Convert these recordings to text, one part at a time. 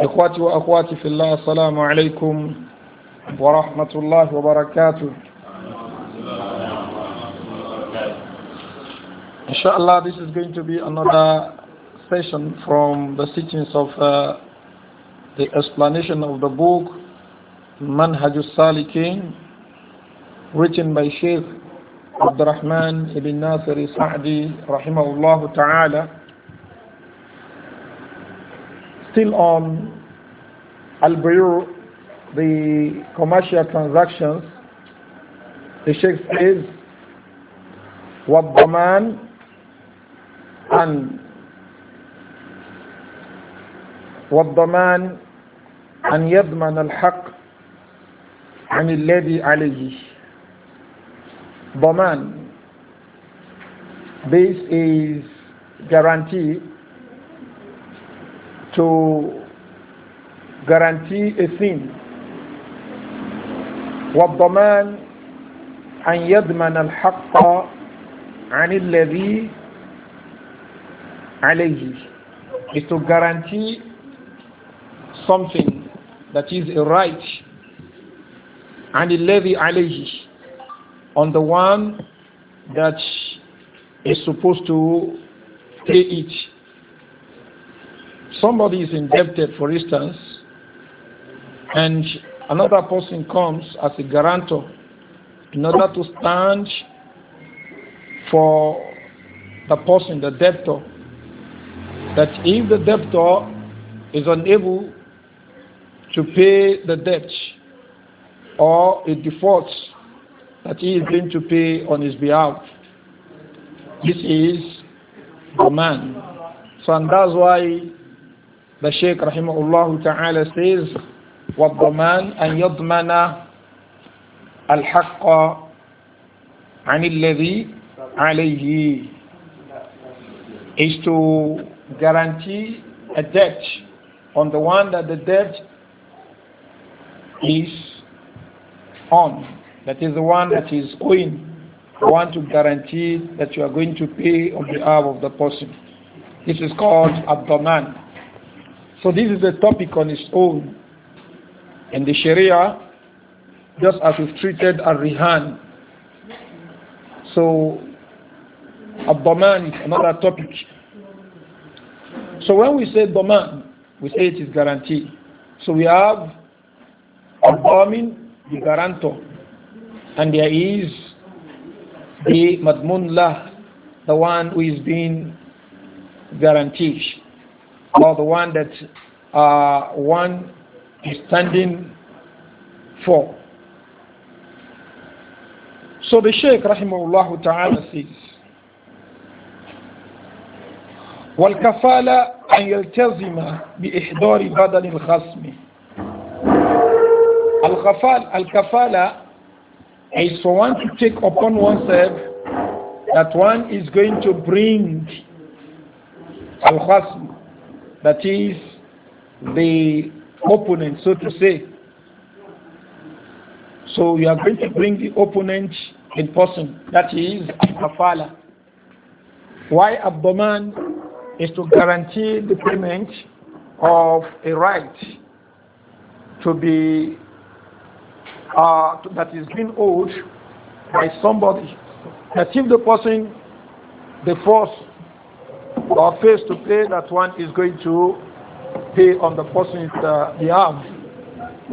إخواتي وأخواتي في الله السلام عليكم ورحمة الله وبركاته Inshallah, this is going to be another session from the teachings of uh, the explanation of the book Manhaj al-Salikin written by Sheikh Abdurrahman ibn Nasir Sa'di الله تعالى still on Al-Bayr, the commercial transactions, the Sheikh says, وَالضَّمَانِ and والضمان أن يضمن الحق عن الذي عليه ضمان This is guarantee to guarantee a thing. والضمان أن يضمن الحق عن الذي عليه is to guarantee something that is a right and الذي عليه on the one that is supposed to pay it somebody is indebted, for instance, and another person comes as a guarantor in order to stand for the person, the debtor, that if the debtor is unable to pay the debt or it defaults, that he is going to pay on his behalf. This is the man. So and that's why the Shaykh rahimahullah ta'ala says, وَالضَّمَانْ أَنْ يَضْمَنَ الْحَقَّ عَنِ الَّذِي عَلَيْهِ is to guarantee a debt on the one that the debt is on. That is the one that is owing. The one to guarantee that you are going to pay on behalf of the person. This is called abdomen. So this is a topic on its own. In the Sharia, just as we've treated a rihan so Abdoman is another topic. So when we say Doman, we say it is guaranteed. So we have Abdomin, the guarantor, and there is the Madmunlah, the one who is being guaranteed or the one that uh, one is standing for. So the Shaykh Rahimullah ta'ala says, والكفالة أن يلتزم بإحضار بدن الخصم الكفالة الكفالة is for one to take upon oneself that one is going to bring al-khasm that is the opponent, so to say. So you are going to bring the opponent in person. That is kafala. Why abdomen is to guarantee the payment of a right to be uh, that is being owed by somebody. That if the person force or face to pay that one is going to pay on the person's uh, behalf.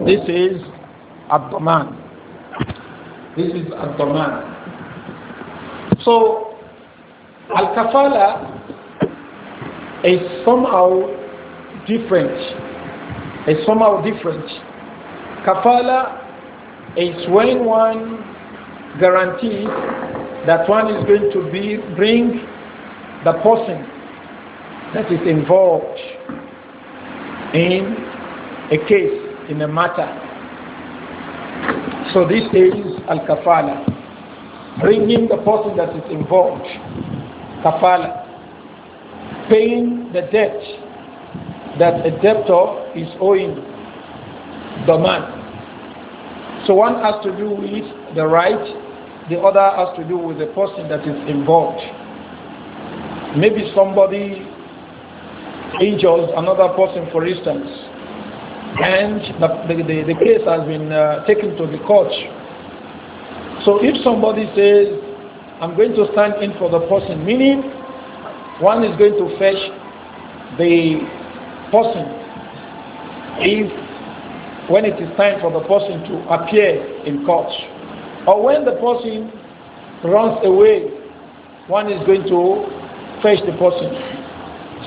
This is abdomen. This is abdomen. So, al-kafala is somehow different. Is somehow different. Kafala is when one guarantees that one is going to be bring the person that is involved in a case, in a matter. So this is al-kafala, bringing the person that is involved, kafala, paying the debt that a debtor is owing the man. So one has to do with the right, the other has to do with the person that is involved. Maybe somebody injures another person, for instance, and the, the, the case has been uh, taken to the court. So if somebody says, I'm going to stand in for the person, meaning one is going to fetch the person if when it is time for the person to appear in court or when the person runs away one is going to fetch the person.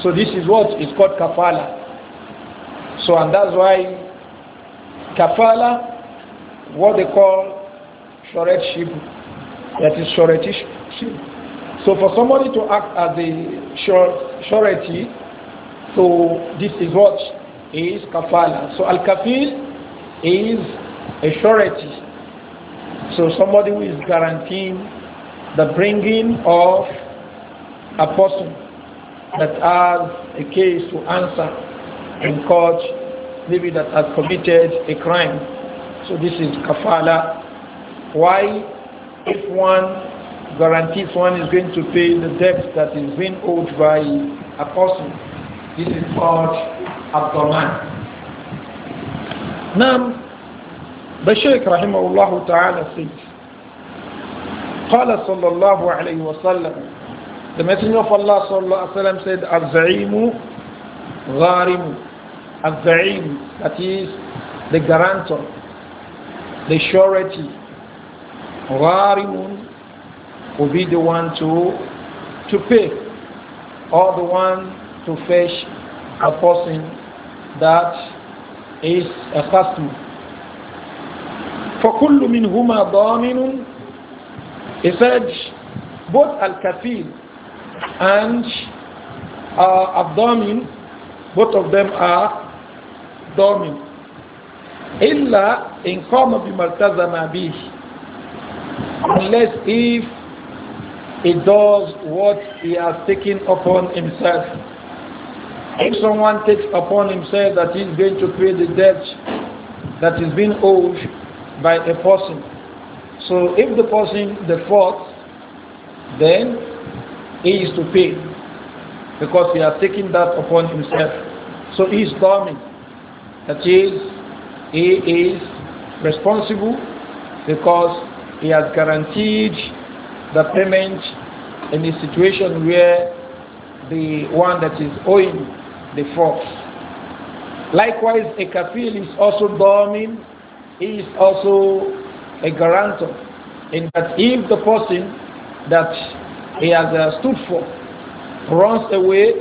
So this is what is called kafala. So and that's why kafala, what they call shoret that is shoretish So for somebody to act as a surety, so this is what is kafala. So al-kafil is a surety. So somebody who is guaranteeing the bringing of a person that has a case to answer in court, maybe that has committed a crime. So this is kafala. Why, if one guarantees one is going to pay the debt that is being owed by a person, this is called abdulman. Now, the Shaykh رحمه Taala says, قال صلى الله عليه وسلم the Messenger of Allah sallallahu said, "Al-Za'imu Gharimu, Al-Za'im, that is the guarantor, the surety. Gharimun will be the one to to pay, or the one to fetch a person that is a customer. فَكُلُّ مِنْهُمَا ضَامِنٌ He said, both al kafir and uh, abdomen, both of them are dormant. Illa in qama bimaltazama bih. Unless if he does what he has taken upon himself. If someone takes upon himself that he is going to pay the debt that is being owed by a person. So if the person defaults, then he is to pay because he has taken that upon himself. So he is dormant. That is, he is responsible because he has guaranteed the payment in a situation where the one that is owing the force. Likewise, a kafil is also dormant. He is also a guarantor in that if the person that he has uh, stood for runs away,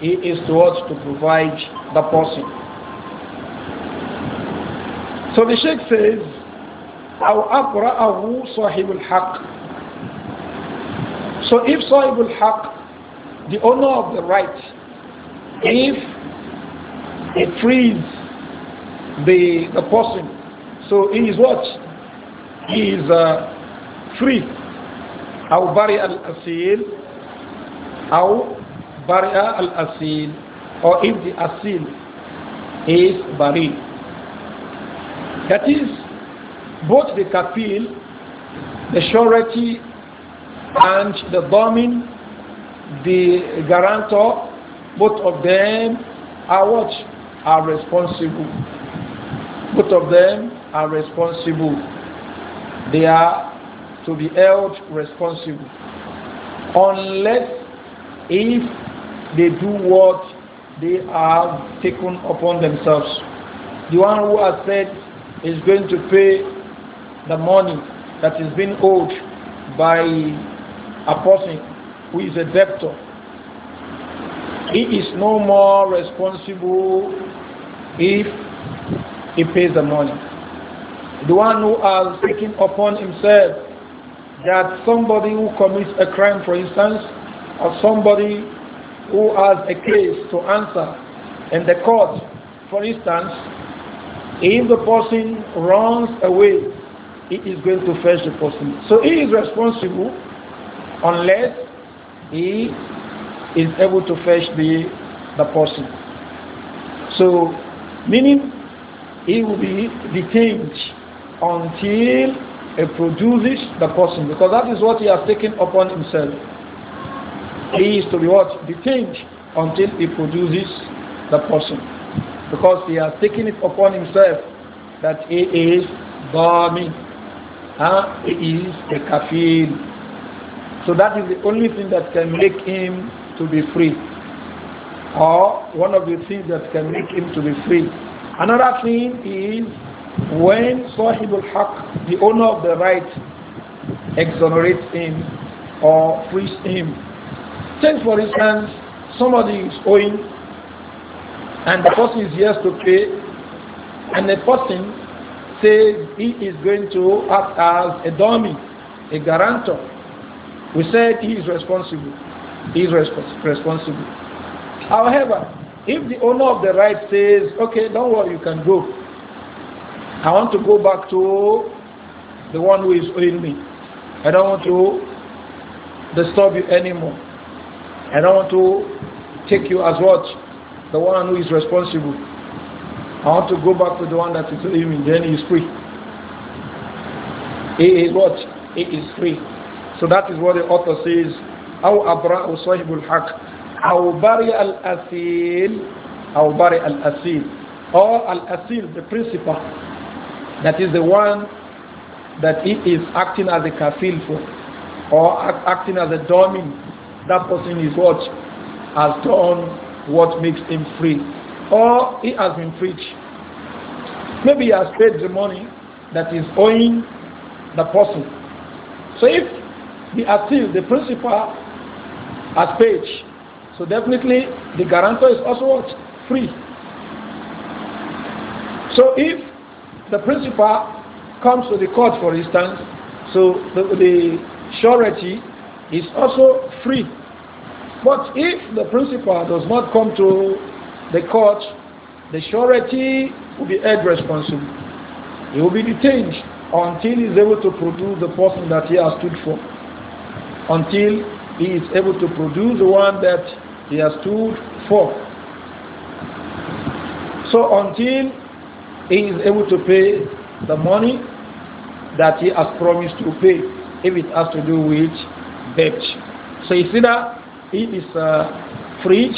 he is to us to provide the person. So the Sheikh says, أو أقرأه صاحب الحق. So if صاحب الحق, the owner of the right, if it frees the, the person, so he is what? He is uh, free أو برئ الأصيل أو برئ الأصيل or if the asil is bari. That is, both the kafil, the surety and the domin, the guarantor, both of them are what? Are responsible. Both of them are responsible. They are to be held responsible unless if they do what they have taken upon themselves. The one who has said is going to pay the money that is being owed by a person who is a debtor. He is no more responsible if he pays the money. The one who has taken upon himself that somebody who commits a crime, for instance, or somebody who has a case to answer in the court, for instance, if the person runs away, he is going to fetch the person. So he is responsible unless he is able to fetch the, the person. So, meaning he will be detained until it produces the person because that is what he has taken upon himself. He is to be what? Detained until he produces the person. Because he has taken it upon himself that he is Dami. Huh? He is a kafir. So that is the only thing that can make him to be free. Or one of the things that can make him to be free. Another thing is when Sahibul Haq, the owner of the right, exonerates him or frees him. Take for instance, somebody is owing and the person is here to pay and the person says he is going to act as a dummy, a guarantor. We said he is responsible. He is resp responsible. However, if the owner of the right says, okay, don't worry, you can go, I want to go back to the one who is owing me. I don't want to disturb you anymore. I don't want to take you as what? The one who is responsible. I want to go back to the one that is owing me. Then he is free. He is what? He is free. So that is what the author says. أو أبرأ صاحب الحق أو برئ الأسيل أو برئ الأسيل or al-asil, the principal, that is the one that he is acting as a kafil for or act, acting as a dummy. That person is what has done what makes him free. Or he has been freed. Maybe he has paid the money that is owing the person. So if the appeal, the principal has paid, so definitely the guarantor is also what? Free. So if the principal comes to the court, for instance, so the, the surety is also free. But if the principal does not come to the court, the surety will be held responsible. He will be detained until he is able to produce the person that he has stood for. Until he is able to produce the one that he has stood for. So until he is able to pay the money that he has promised to pay if it has to do with debt. So you see that he is freed,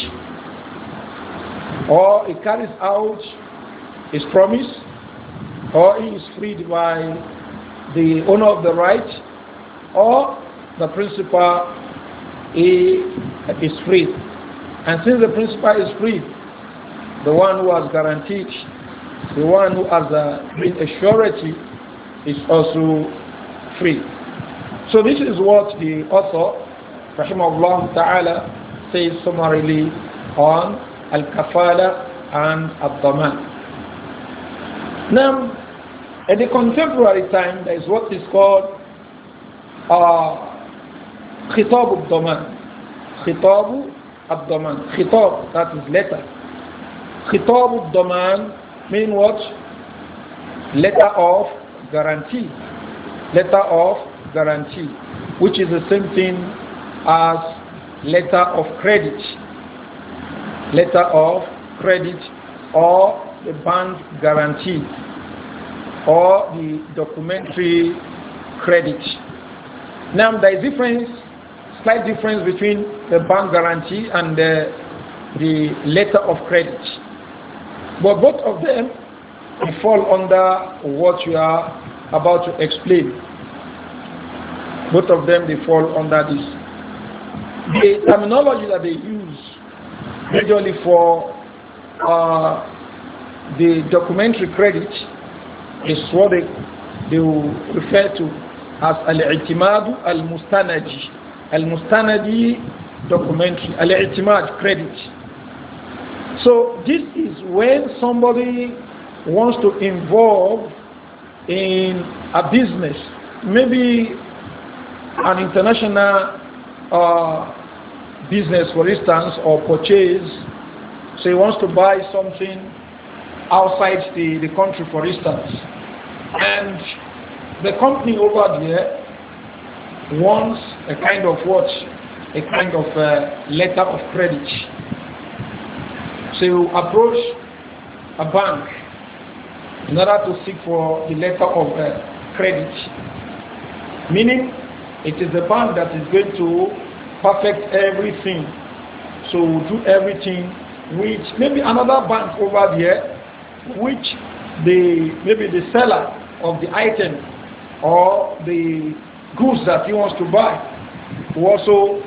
uh, or he carries out his promise or he is freed by the owner of the right or the principal he is free. And since the principal is free, the one who has guaranteed the one who has a, uh, been a surety is also free. So this is what the author, Rahimahullah Ta'ala, says summarily on Al-Kafala and Abdaman. Now, at the contemporary time, there is what is called uh, Khitab Abdaman. Khitab Abdaman. Khitab, that is letter. Khitab Abdaman meaning what? Letter of guarantee. Letter of guarantee, which is the same thing as letter of credit. Letter of credit or the bank guarantee or the documentary credit. Now there is difference, slight difference between the bank guarantee and the, the letter of credit. But both of them fall under what you are about to explain. Both of them, they fall under this. The terminology that they use, usually for uh, the documentary credit, is what they, they refer to as al-i'timad al-mustanaji. Al-mustanaji documentary, al-i'timad credit. So this is when somebody wants to involve in a business, maybe an international uh, business, for instance, or purchase. So he wants to buy something outside the, the country, for instance. And the company over there wants a kind of what? A kind of uh, letter of credit so you approach a bank in order to seek for the letter of uh, credit. Meaning, it is the bank that is going to perfect everything. So do everything which maybe another bank over there, which the maybe the seller of the item or the goods that he wants to buy will also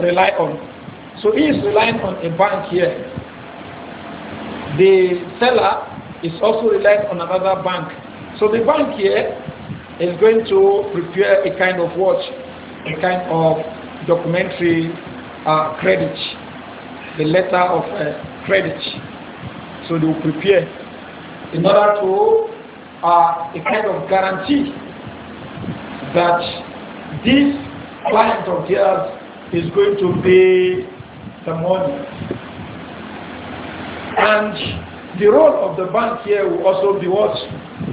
rely on. So he is relying on a bank here the seller is also relying on another bank. So the bank here is going to prepare a kind of watch, a kind of documentary uh, credit, the letter of uh, credit. So they will prepare in order to uh, a kind of guarantee that this client of theirs is going to pay the money and the role of the bank here will also be what?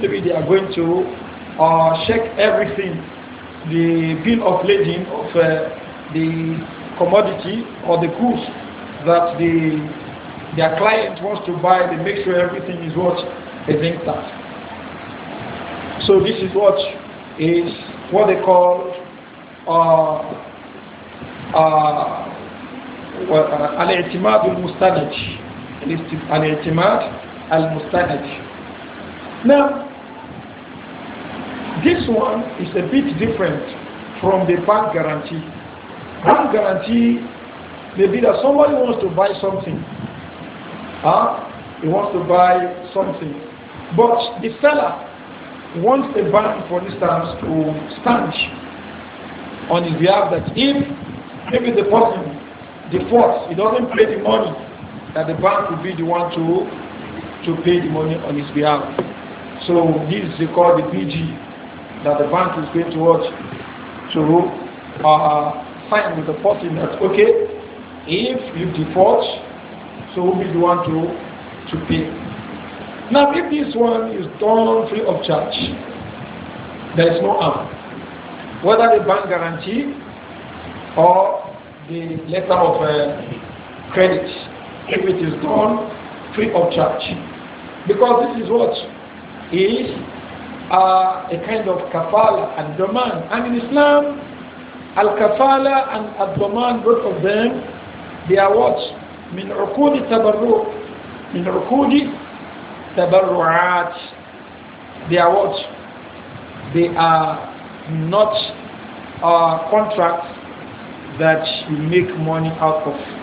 Maybe they are going to uh, check everything. The bill of lading of uh, the commodity or the goods that the their client wants to buy, they make sure everything is what is intact. So this is what is what they call uh, uh, al-i'timad al-mustanaj this is Now, this one is a bit different from the bank guarantee. Bank guarantee may be that somebody wants to buy something. Huh? He wants to buy something. But the seller wants the bank, for instance, to stand on his behalf that if maybe the person defaults, he doesn't pay the money, that the bank will be the one to to pay the money on his behalf. So this is called the PG that the bank is going to watch to uh, sign with the person that okay, if you default, so who will be the one to to pay. Now if this one is done free of charge, there is no harm. Whether the bank guarantee or the letter of uh, credit if it is done free of charge. Because this is what is uh, a kind of kafala and doman. And in Islam, al-kafala and al both of them, they are what? من عقود التبرع من عقود tabarru'at, they are what? They are not uh, contracts that you make money out of.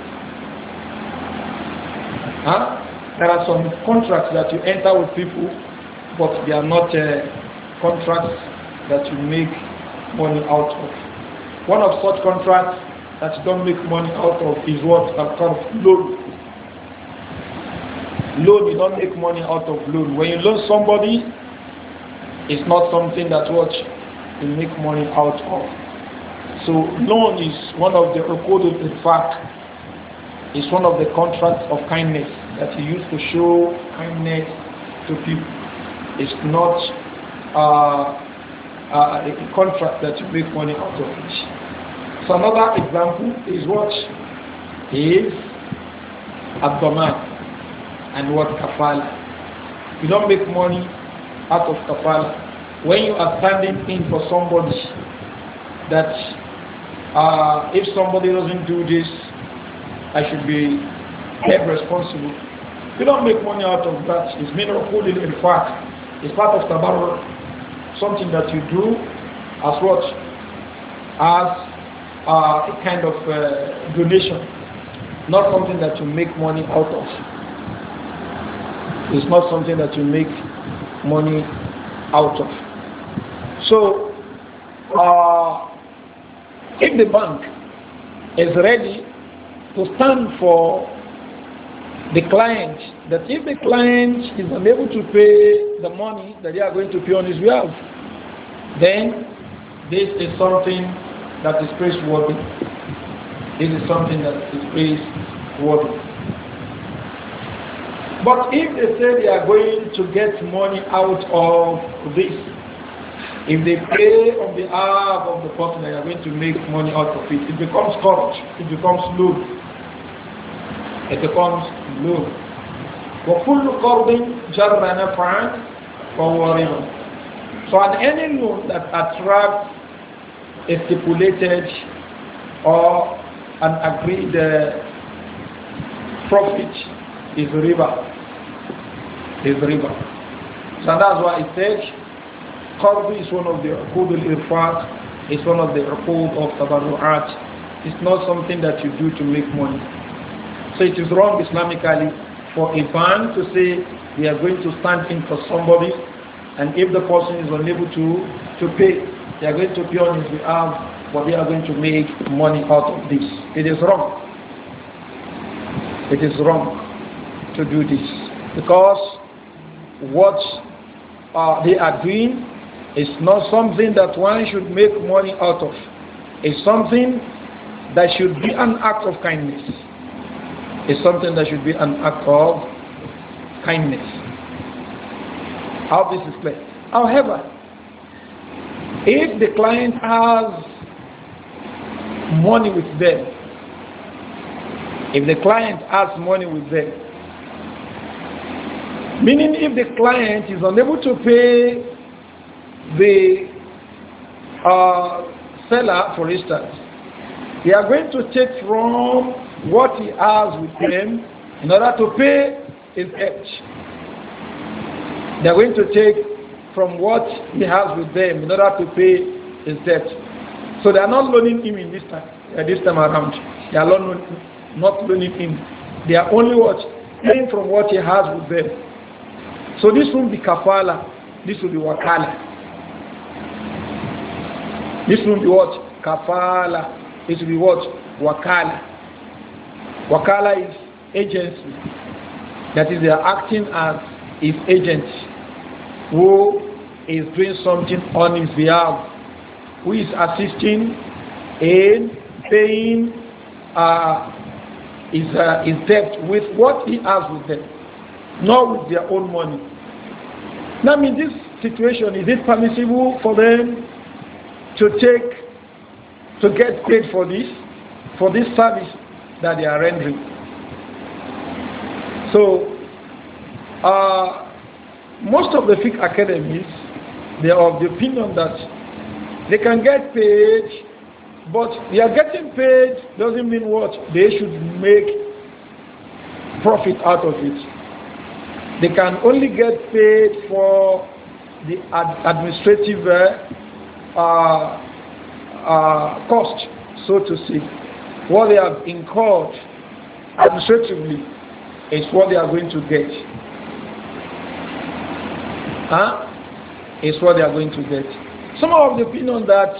Huh? There are some contracts that you enter with people, but they are not uh, contracts that you make money out of. One of such contracts that you don't make money out of is what I call loan. Loan, you don't make money out of loan. When you loan somebody, it's not something that what you make money out of. So loan is one of the recorded in fact it's one of the contracts of kindness that you use to show kindness to people. It's not uh, uh, a contract that you make money out of it. So another example is what is abdomen and what kafala. You don't make money out of kafala. When you are standing in for somebody that uh, if somebody doesn't do this, I should be held responsible. You don't make money out of that. It's mineral pooling. in fact. It's part of tabarrur. Something that you do as what? As uh, a kind of uh, donation. Not something that you make money out of. It's not something that you make money out of. So, uh, if the bank is ready to stand for the client that if the client is unable to pay the money that they are going to pay on his behalf, then this is something that is praiseworthy. This is something that is praiseworthy. But if they say they are going to get money out of this, if they pay on behalf of the person, they are going to make money out of it. It becomes corrupt. It becomes loose it becomes low. وَكُلُّ قَرْضٍ جَرَّ نَفْعًا فَهُوَ رِبًا So at any loan that attracts a stipulated or an agreed uh, profit is riba. Is riba. So that's why it says Qardu is one of the uqud al-irfat, it's one of the uqud of tabarru'at. It's not something that you do to make money. So it is wrong Islamically for a man to say we are going to stand in for somebody and if the person is unable to, to pay, they are going to pay on his behalf but they are going to make money out of this. It is wrong. It is wrong to do this because what uh, they are doing is not something that one should make money out of. It's something that should be an act of kindness is something that should be an act of kindness. How this is played. However, if the client has money with them, if the client has money with them, meaning if the client is unable to pay the uh, seller, for instance, they are going to take from what he has with them in order to pay his debt. They are going to take from what he has with them in order to pay his debt. So they are not loaning him in this time, uh, this time around. They are not, not loaning him. They are only what paying from what he has with them. So this will be kafala. This will be wakala. This will be what kafala. It will be what wakala. Wakala is agency. That is, they are acting as his agent who is doing something on his behalf, who is assisting in paying uh, his, uh, his debt with what he has with them, not with their own money. Now, in this situation, is it permissible for them to take, to get paid for this, for this service? that they are rendering. So, uh, most of the fiqh academies, they are of the opinion that they can get paid, but they are getting paid doesn't mean what? They should make profit out of it. They can only get paid for the ad administrative uh, uh, cost, so to speak what they have incurred administratively is what they are going to get. Huh? Is what they are going to get. Some of the opinion that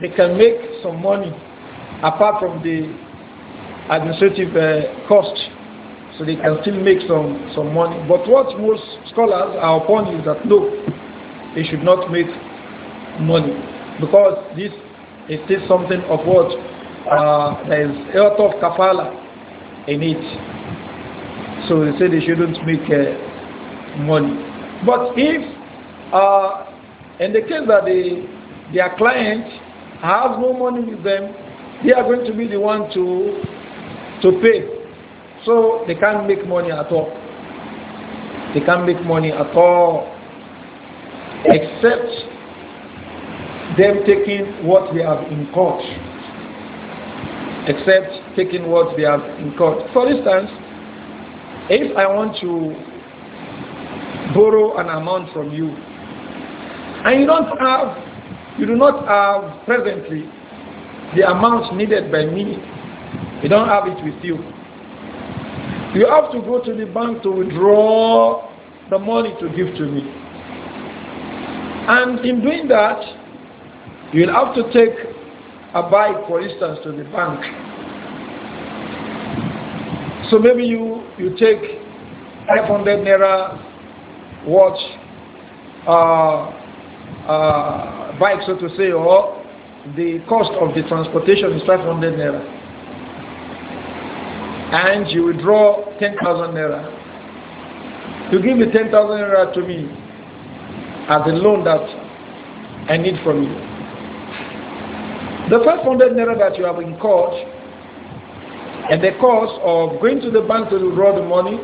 they can make some money apart from the administrative uh, cost, so they can still make some, some money. But what most scholars are upon is that no, they should not make money because this is still something of what uh, there is a lot of kafala in it. So they say they shouldn't make uh, money. But if, uh, in the case that they, their client has no money with them, they are going to be the one to, to pay. So they can't make money at all. They can't make money at all except them taking what they have incurred except taking what they have court. For instance, if I want to borrow an amount from you, and you don't have, you do not have presently the amount needed by me, you don't have it with you. You have to go to the bank to withdraw the money to give to me. And in doing that, you'll have to take a bike, for instance, to the bank. So maybe you, you take 500 naira watch, uh, uh, bike, so to say, or the cost of the transportation is 500 naira. And you withdraw 10,000 naira. You give me 10,000 naira to me as a loan that I need from you. The first hundred naira that you have in court, and the cost of going to the bank to withdraw the money,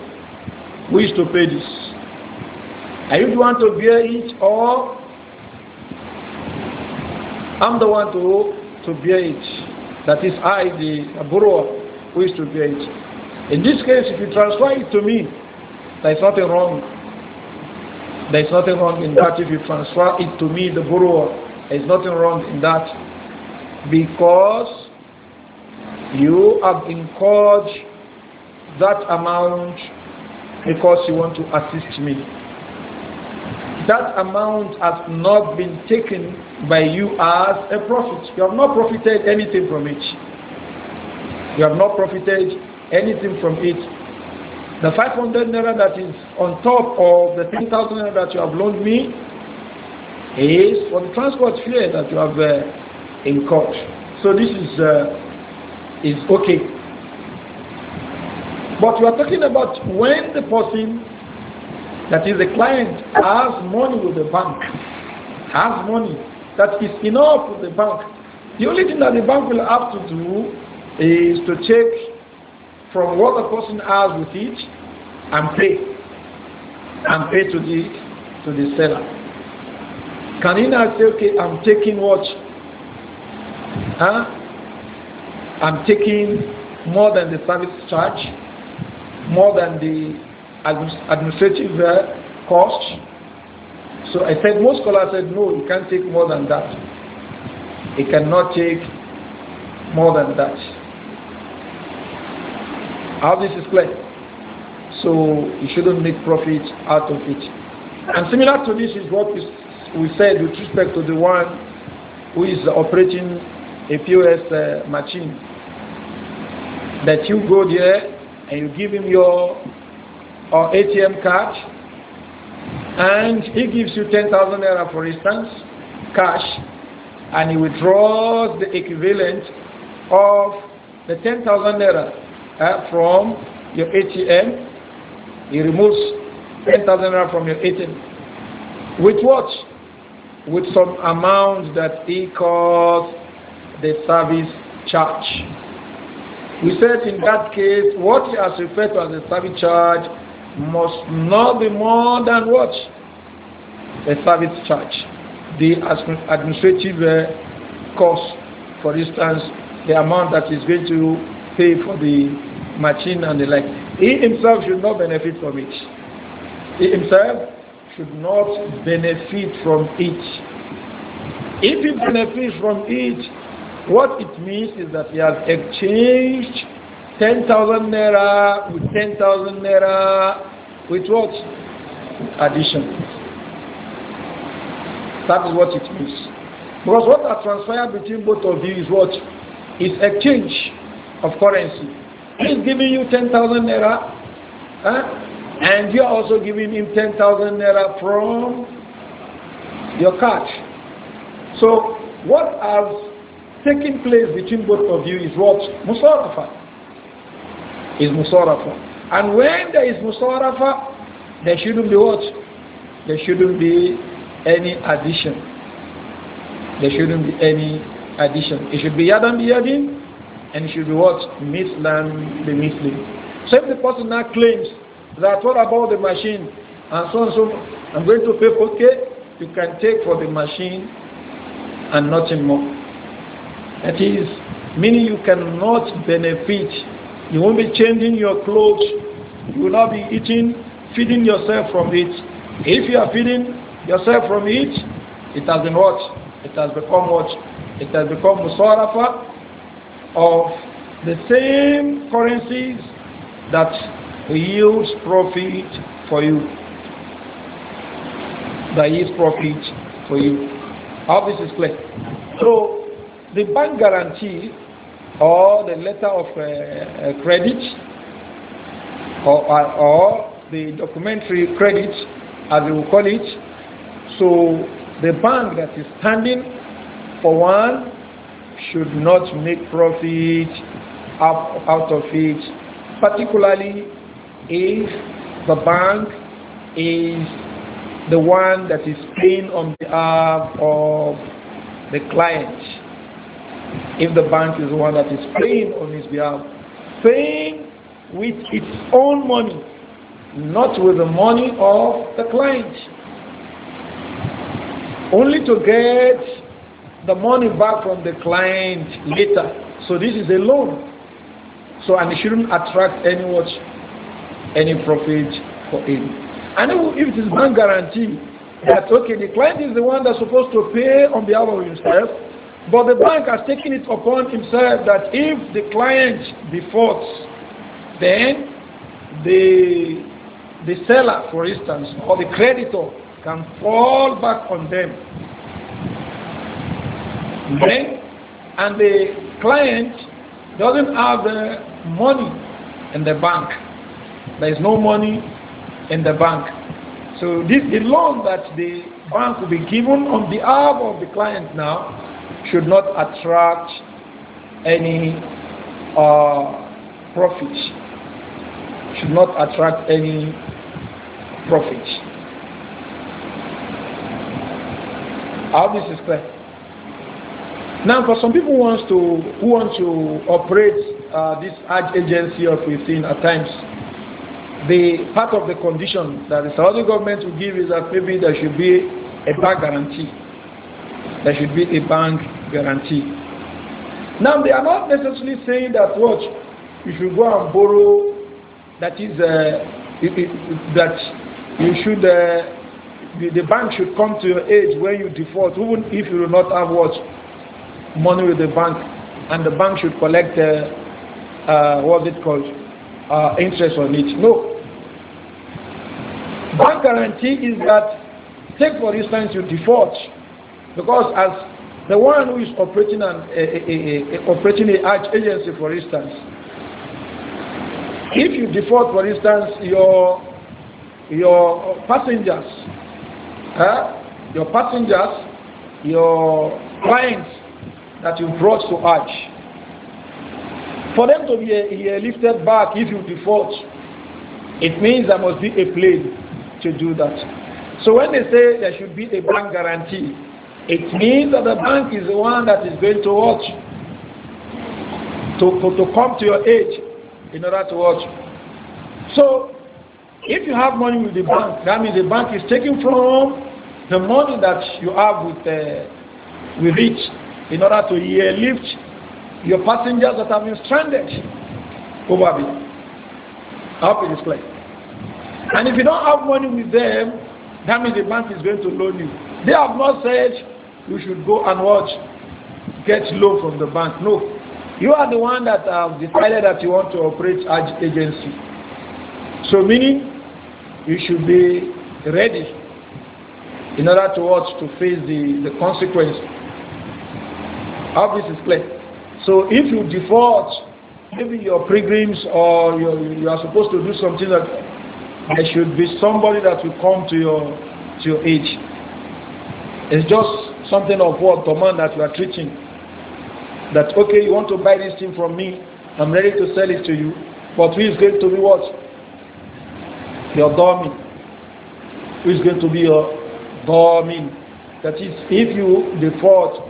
who is to pay this? Are you the one to bear it or I'm the one to, to bear it? That is I, the borrower, who is to bear it. In this case, if you transfer it to me, there is nothing wrong. There is nothing wrong in that if you transfer it to me, the borrower. There is nothing wrong in that because you have incurred that amount because you want to assist me. That amount has not been taken by you as a profit. You have not profited anything from it. You have not profited anything from it. The 500 naira that is on top of the 10,000 naira that you have loaned me is for the transport fare that you have uh, in court. So this is, uh, is okay. But we are talking about when the person, that is the client, has money with the bank, has money that is enough with the bank. The only thing that the bank will have to do is to check from what the person has with it and pay and pay to the to the seller. Can he now say, okay, I'm taking what Huh? I'm taking more than the service charge, more than the administrative uh, cost. So I said, most scholars said, no, you can't take more than that. You cannot take more than that. How this is clear? So you shouldn't make profit out of it. And similar to this is what we said with respect to the one who is operating a POS uh, machine that you go there and you give him your or uh, ATM card and he gives you 10,000 naira for instance cash and he withdraws the equivalent of the 10,000 naira uh, from your ATM he removes 10,000 naira from your ATM with what? with some amount that he calls the service charge. We said in that case, what is referred to as the service charge must not be more than what? The service charge. The administrative uh, cost, for instance, the amount that is going to pay for the machine and the like. He himself should not benefit from it. He himself should not benefit from it. If he benefits from it, what it means is that he has exchanged 10,000 naira with 10,000 naira with what? Addition. That is what it means. Because what has transpired between both of you is what? Is exchange of currency. He's giving you 10,000 naira and you're also giving him 10,000 naira from your cash. So what has taking place between both of you is what? Musarafa. Is Musarafa. And when there is Musarafa, there shouldn't be what? There shouldn't be any addition. There shouldn't be any addition. It should be Yadam be and it should be what? Mislan the Mislim. So if the person now claims that what about the machine and so and so, I'm going to pay, okay, you can take for the machine and nothing more. That is, meaning you cannot benefit. You won't be changing your clothes. You will not be eating, feeding yourself from it. If you are feeding yourself from it, it has been what? It has become what? It has become musarafa of the same currencies that yields profit for you. That yields profit for you. How this is clear. So the bank guarantee or the letter of uh, uh credit or, uh, or the documentary credit, as we will call it. So the bank that is standing for one should not make profit out of it, particularly if the bank is the one that is paying on behalf of the client if the bank is the one that is paying on his behalf, paying with its own money, not with the money of the client. Only to get the money back from the client later. So this is a loan. So and it shouldn't attract any what, any profit for him. And if it is bank guarantee that okay, the client is the one that's supposed to pay on behalf of himself, but the bank has taken it upon himself that if the client defaults, then the, the seller, for instance, or the creditor can fall back on them. Then, and the client doesn't have the money in the bank. There is no money in the bank. So this the loan that the bank will be given on behalf of the client now should not attract any uh, profit. Should not attract any profit. How this is clear. Now, for some people who wants to who want to operate uh, this ad agency of within at times, the part of the condition that the Saudi government will give is that maybe there should be a bank guarantee. There should be a bank guarantee. Now, they are not necessarily saying that what you should go and borrow, that is, uh, it, it, that you should, uh, the, the, bank should come to your aid when you default, even if you do not have what money with the bank, and the bank should collect, uh, uh what's it called, uh, interest on it. No. Bank guarantee is that, take for instance, you default, because as the one who is operating an a, a, a, operating a arch agency, for instance, if you default, for instance, your your passengers, huh? your passengers, your clients that you brought to arch, for them to be a, lifted back if you default, it means there must be a plane to do that. So when they say there should be a bank guarantee, it means that the bank is the one that is going to watch, to, to, to come to your aid, in order to watch. So, if you have money with the bank, that means the bank is taking from the money that you have with, the uh, with it in order to lift your passengers that have been stranded over there. I hope it is clear. And if you don't have money with them, that means the bank is going to loan you. They have not said you should go and watch, get loan from the bank. No. You are the one that have decided that you want to operate as agency. So meaning you should be ready in order to watch to face the, the consequence. How this is clear. So if you default, maybe your pilgrims or you you are supposed to do something that there should be somebody that will come to your to your aid. It's just something of what the man that you are treating. That okay, you want to buy this thing from me, I'm ready to sell it to you, but who is going to be what? Your dummy. Who is going to be your dummy? That is, if you default,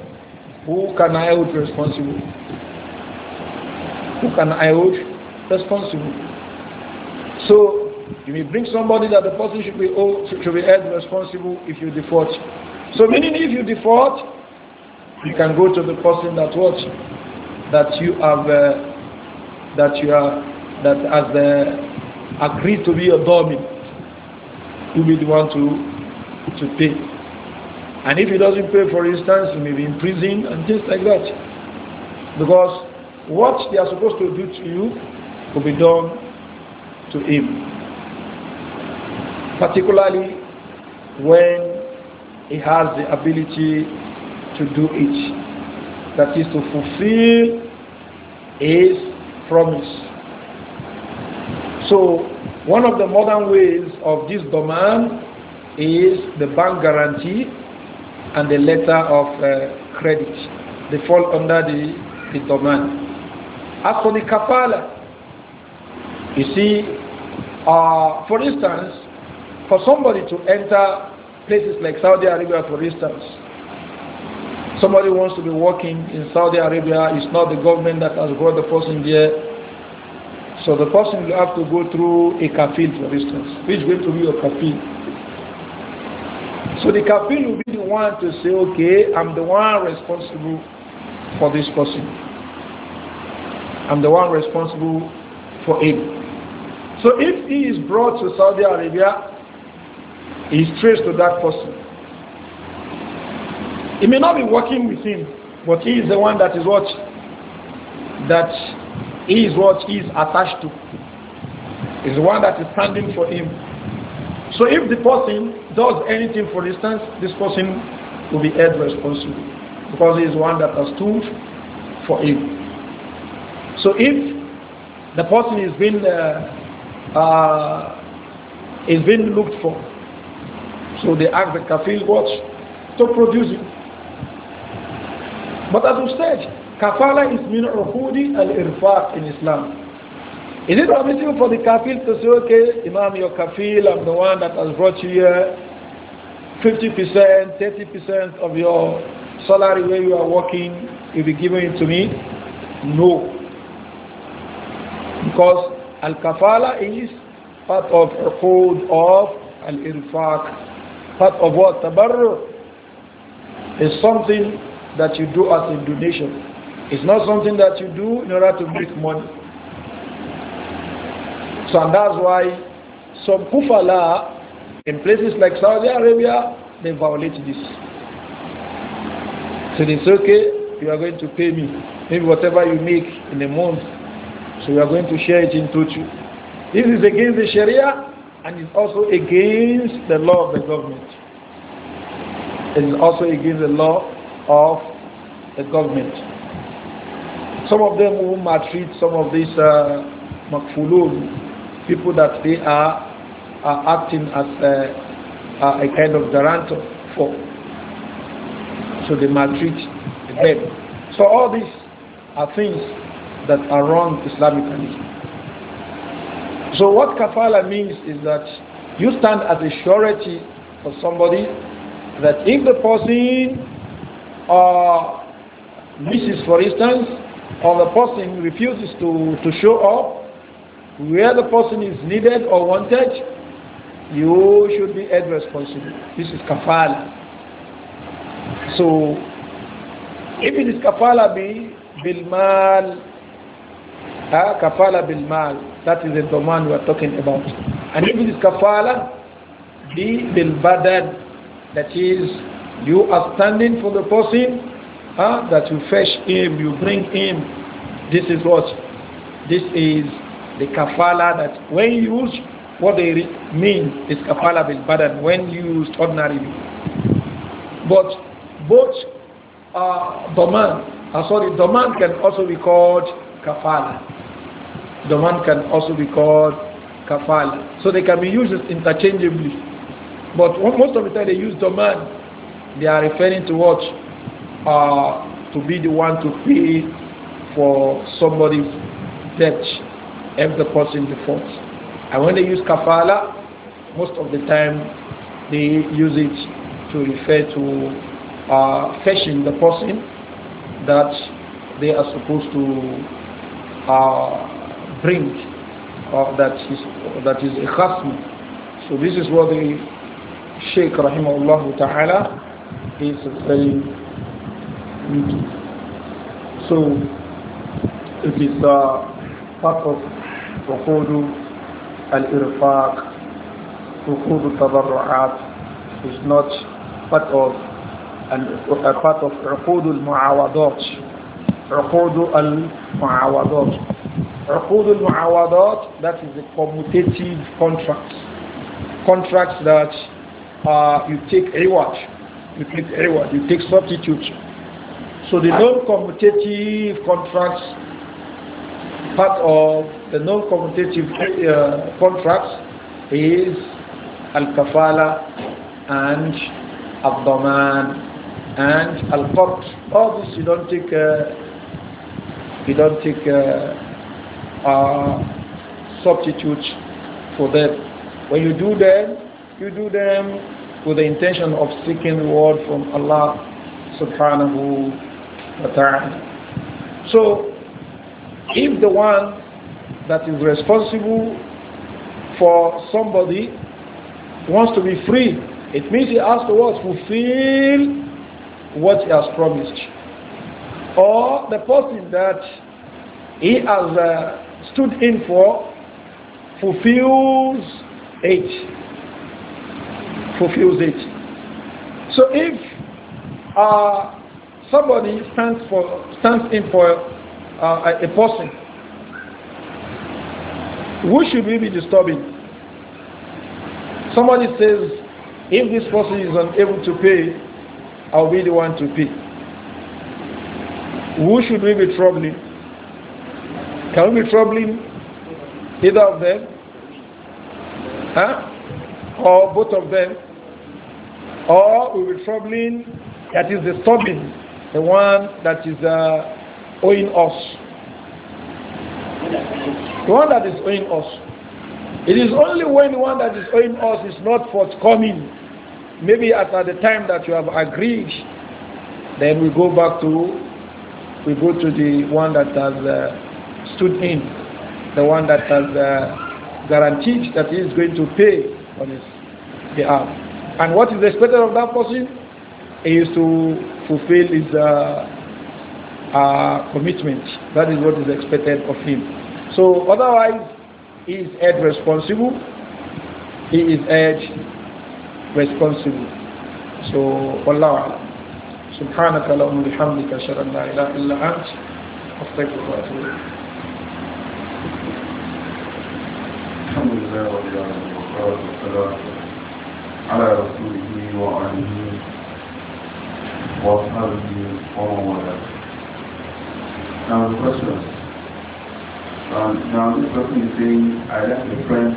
who can I hold responsible? Who can I hold responsible? So you may bring somebody that the person should be, owed should be held responsible if you default. So meaning if you default, you can go to the person that what that you have uh, that you are that has uh, agreed to be a domin. You will be the one to to pay. And if he doesn't pay, for instance, he may be in prison and things like that. Because what they are supposed to do to you will be done to him. Particularly when he has the ability to do it. That is to fulfill his promise. So one of the modern ways of this demand is the bank guarantee and the letter of uh, credit. They fall under the, the demand. As for the kafala, you see, uh, for instance, for somebody to enter Places like Saudi Arabia, for instance. Somebody wants to be working in Saudi Arabia, it's not the government that has brought the person there. So the person will have to go through a kafil, for instance. Which way to be a kafil? So the kafil will be the one to say, okay, I'm the one responsible for this person. I'm the one responsible for him. So if he is brought to Saudi Arabia, is traced to that person. He may not be working with him, but he is the one that is what that he is what he is attached to. Is the one that is standing for him. So if the person does anything, for instance, this person will be held responsible because he is one that has stood for him. So if the person is being uh, uh, is being looked for, so they asked the kafil what? To produce it. But as we said, kafala is min uhudi al-irfaq in Islam. Is it permissible for the kafil to say, okay, Imam, your kafil, I'm the one that has brought you here, 50%, 30% of your salary where you are working, you'll be giving it to me? No. Because al-kafala is part of a code of al-irfaq Part of what? Tabarru is something that you do as a donation. It's not something that you do in order to make money. So and that's why some kufala in places like Saudi Arabia, they violate this. So they say, okay, you are going to pay me. Maybe whatever you make in a month, so you are going to share it in two. This is against the Sharia, and is also against the law of the government. It is also against the law of the government. Some of them will maltreat some of these uh, makfulun, people that they are, are acting as uh, a, a, kind of guarantor for. So they maltreat them. So all these are things that are wrong Islamically. So what kafala means is that you stand as a surety for somebody that if the person uh, misses, for instance, or the person refuses to, to show up where the person is needed or wanted, you should be held responsible. This is kafala. So if it is kafala be bilmal uh, kafala bil mal, that is the domain we are talking about. And if it is kafala, be bil badad, that is, you are standing for the person uh, that you fetch him, you bring him. This is what? This is the kafala that when you use, what they mean is kafala bil badad, when used ordinarily. But both uh, domain, uh, sorry, domain can also be called kafala. The one can also be called kafala. So they can be used interchangeably. But most of the time they use the man. They are referring to what? Uh, to be the one to pay for somebody's debt if the person defaults. And when they use kafala, most of the time they use it to refer to uh, fetching the person that they are supposed to uh, bring that is that is a khasm. So this is what the Shaykh rahimahullah ta'ala is saying. So it is uh, a part of al irfaq, عقود tabarru'at. is not part of part of عقود al عقود according to our that is the commutative contracts. Contracts that uh, you take reward, you take reward, you take substitute. So the non-commutative contracts, part of the non-commutative uh, contracts is al-kafala and al-daman and al-qat. All this you don't take uh, you don't take uh, uh, substitute for them. When you do them, you do them with the intention of seeking reward from Allah subhanahu wa ta'ala. So, if the one that is responsible for somebody wants to be free, it means he has to what? Fulfill what he has promised or the person that he has uh, stood in for fulfills it. Fulfills it. So if uh, somebody stands for stands in for uh, a person, who should we be disturbing? Somebody says, if this person is unable to pay, I'll be the one to pay. Who should we be troubling? Can we be troubling either of them? Huh? Or both of them? Or we will be troubling that is disturbing the one that is uh, owing us. The one that is owing us. It is only when the one that is owing us is not forthcoming, maybe at the time that you have agreed, then we go back to we go to the one that has uh, stood in, the one that has uh, guaranteed that he is going to pay on his behalf. And what is expected of that person? He is to fulfill his uh, uh commitment. That is what is expected of him. So otherwise, he is held responsible. He is held responsible. So, Allah. سبحانك اللهم بحمدك أشهد أن لا إله إلا أنت أستغفرك وأتوب إليك الحمد لله رب العالمين على رسوله وعليه وصحبه ومن Now the questions. Um, now this person is saying, I left a friend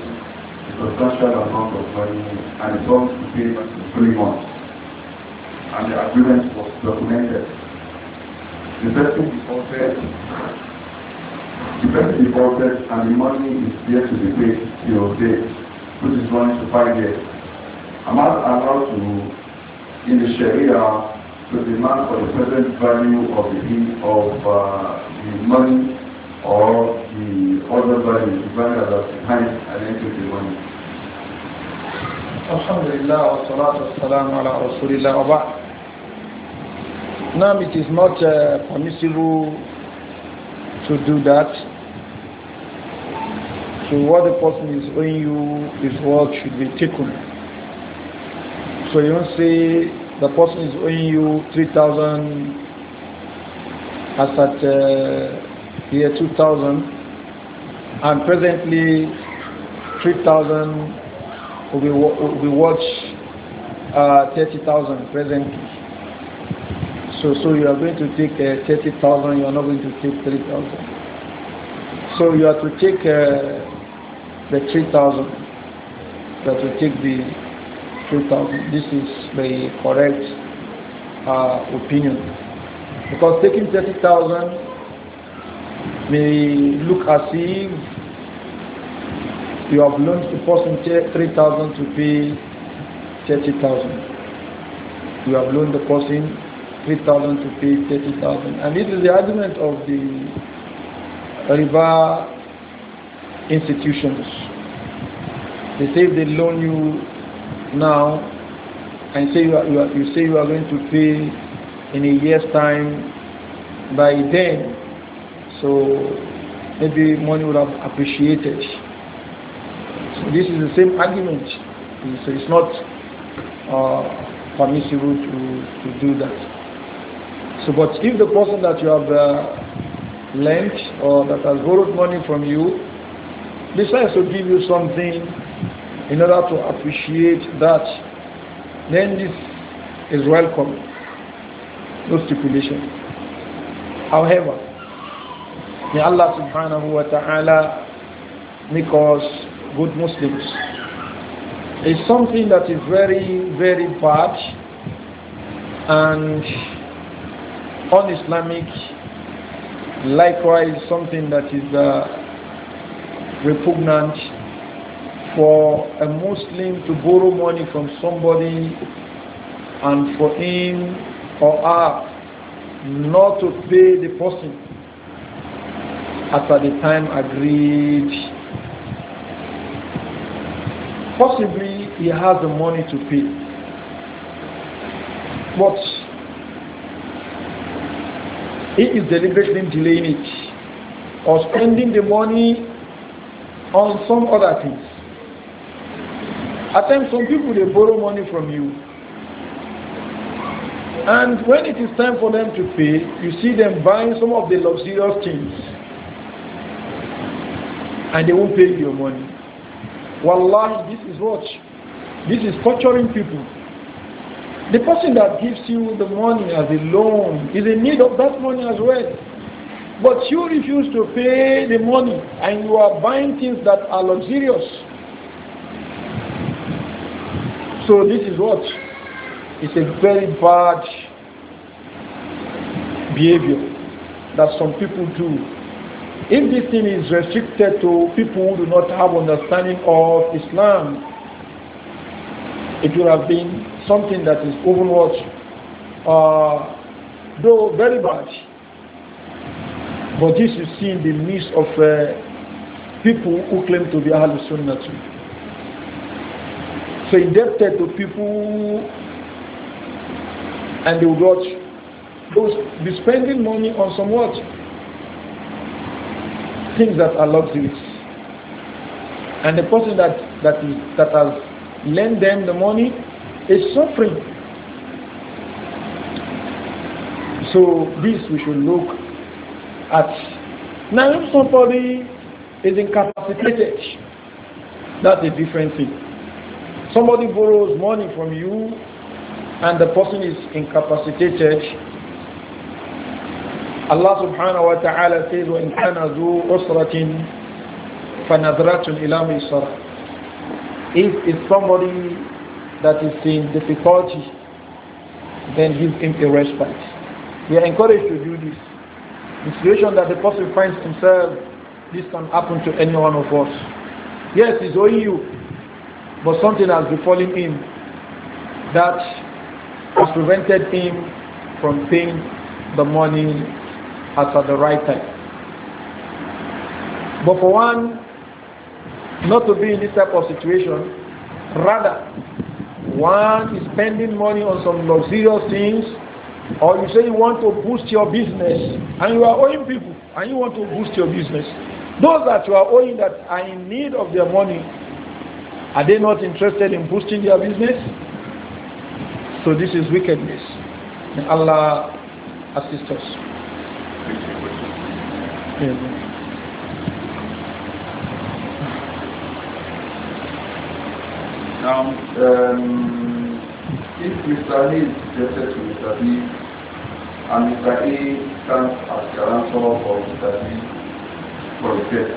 a substantial amount of money and it's all to pay three months. and the agreement was documented. The person defaulted, the person defaulted and the money is yet to be paid Your date, which is running to five years. Am I allowed to, in the Sharia, to demand for the present value of the of uh, the money or the other value, the value that is behind identity money? Alhamdulillah, wa salatu wa salam ala Rasulillah wa now it is not uh, permissible to do that. So what the person is owing you is what should be taken. So you don't say the person is owing you 3,000 as at uh, year 2000 and presently 3,000 will be, will be watched uh, 30,000 presently. So, so you are going to take uh, 30,000, you are not going to take 3,000. So you have to take uh, the 3,000. You have to take the 3,000. This is the correct uh, opinion. Because taking 30,000 may look as if you have loaned the person 3,000 to pay 30,000. You have loaned the person 3,000 to pay 30,000. And this is the argument of the river institutions. They say if they loan you now and say you, are, you, are, you say you are going to pay in a year's time by then, so maybe money would have appreciated. So this is the same argument. So it's not uh, permissible to, to do that. So, but if the person that you have uh, lent or that has borrowed money from you decides to give you something in order to appreciate that, then this is welcome. No stipulation. However, may Allah subhanahu wa ta'ala make us good Muslims. It's something that is very, very bad and un-Islamic, likewise something that is uh, repugnant for a Muslim to borrow money from somebody and for him or her not to pay the person after the time agreed. Possibly he has the money to pay. But he is deliberately delaying it or spending the money on some other things. At times, some people they borrow money from you, and when it is time for them to pay, you see them buying some of the luxurious things, and they won't pay your money. Wallahi, this is what this is torturing people. The person that gives you the money as a loan is in need of that money as well. But you refuse to pay the money and you are buying things that are luxurious. So this is what? It's a very bad behavior that some people do. If this thing is restricted to people who do not have understanding of Islam, it would have been something that is overwatch, uh, though very bad. But this you see in the midst of uh, people who claim to be Ahlul Sunnah too. So indebted to people and they would watch, those be spending money on some what? Things that are luxuries. And the person that, that, is, that has lent them the money is suffering. So this we should look at. Now if somebody is incapacitated, that's a different thing. Somebody borrows money from you and the person is incapacitated. Allah subhanahu wa ta'ala says, وَإِنْ كَانَ ذُو أُسْرَةٍ فَنَذْرَةٌ إِلَى مِيسَرَةٍ If somebody that is in difficulty, then give him a respite. We are encouraged to do this. The situation that the person finds himself, this can happen to any one of us. Yes, he's owing you, but something has befallen him that has prevented him from paying the money at the right time. But for one, not to be in this type of situation, rather one is spending money on some luxurious things, or you say you want to boost your business, and you are owing people, and you want to boost your business. Those that you are owing that are in need of their money, are they not interested in boosting their business? So this is wickedness. May Allah assist us. Amen. Now, um, if Mr. A is indebted to Mr. B and Mr. A stands as guarantor for Mr. B for the debt,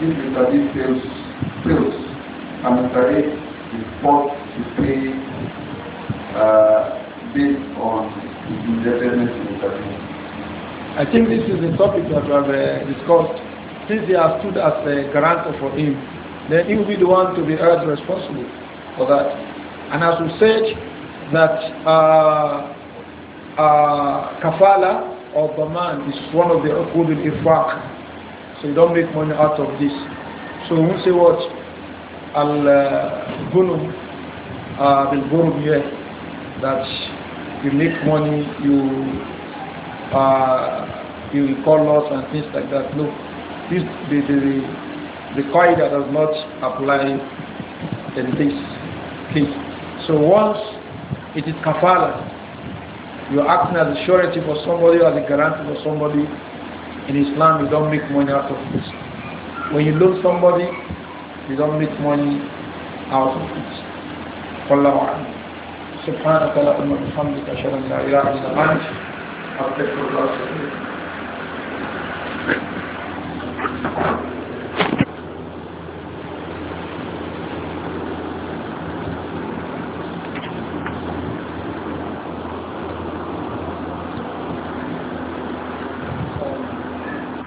if Mr. B fails, fails and Mr. A is forced to pay uh, based on his indebtedness to Mr. B. I think this is a topic that we have uh, discussed since he has stood as a guarantor for him then he will be the one to be held responsible for that. And as we said, that uh, uh, kafala or baman is one of the uqud al So you don't make money out of this. So we say what? Al-gunum, uh, the gurum here that you make money, you uh, you call us and things like that. No, this, the, the, the qaida does not apply in this case. So once it is kafala, you're acting as a surety for somebody or as a guarantee for somebody. In Islam, you don't make money out of this. When you loan somebody, you don't make money out of it. سبحانك اللهم وبحمدك أشهد أن لا إله إلا أنت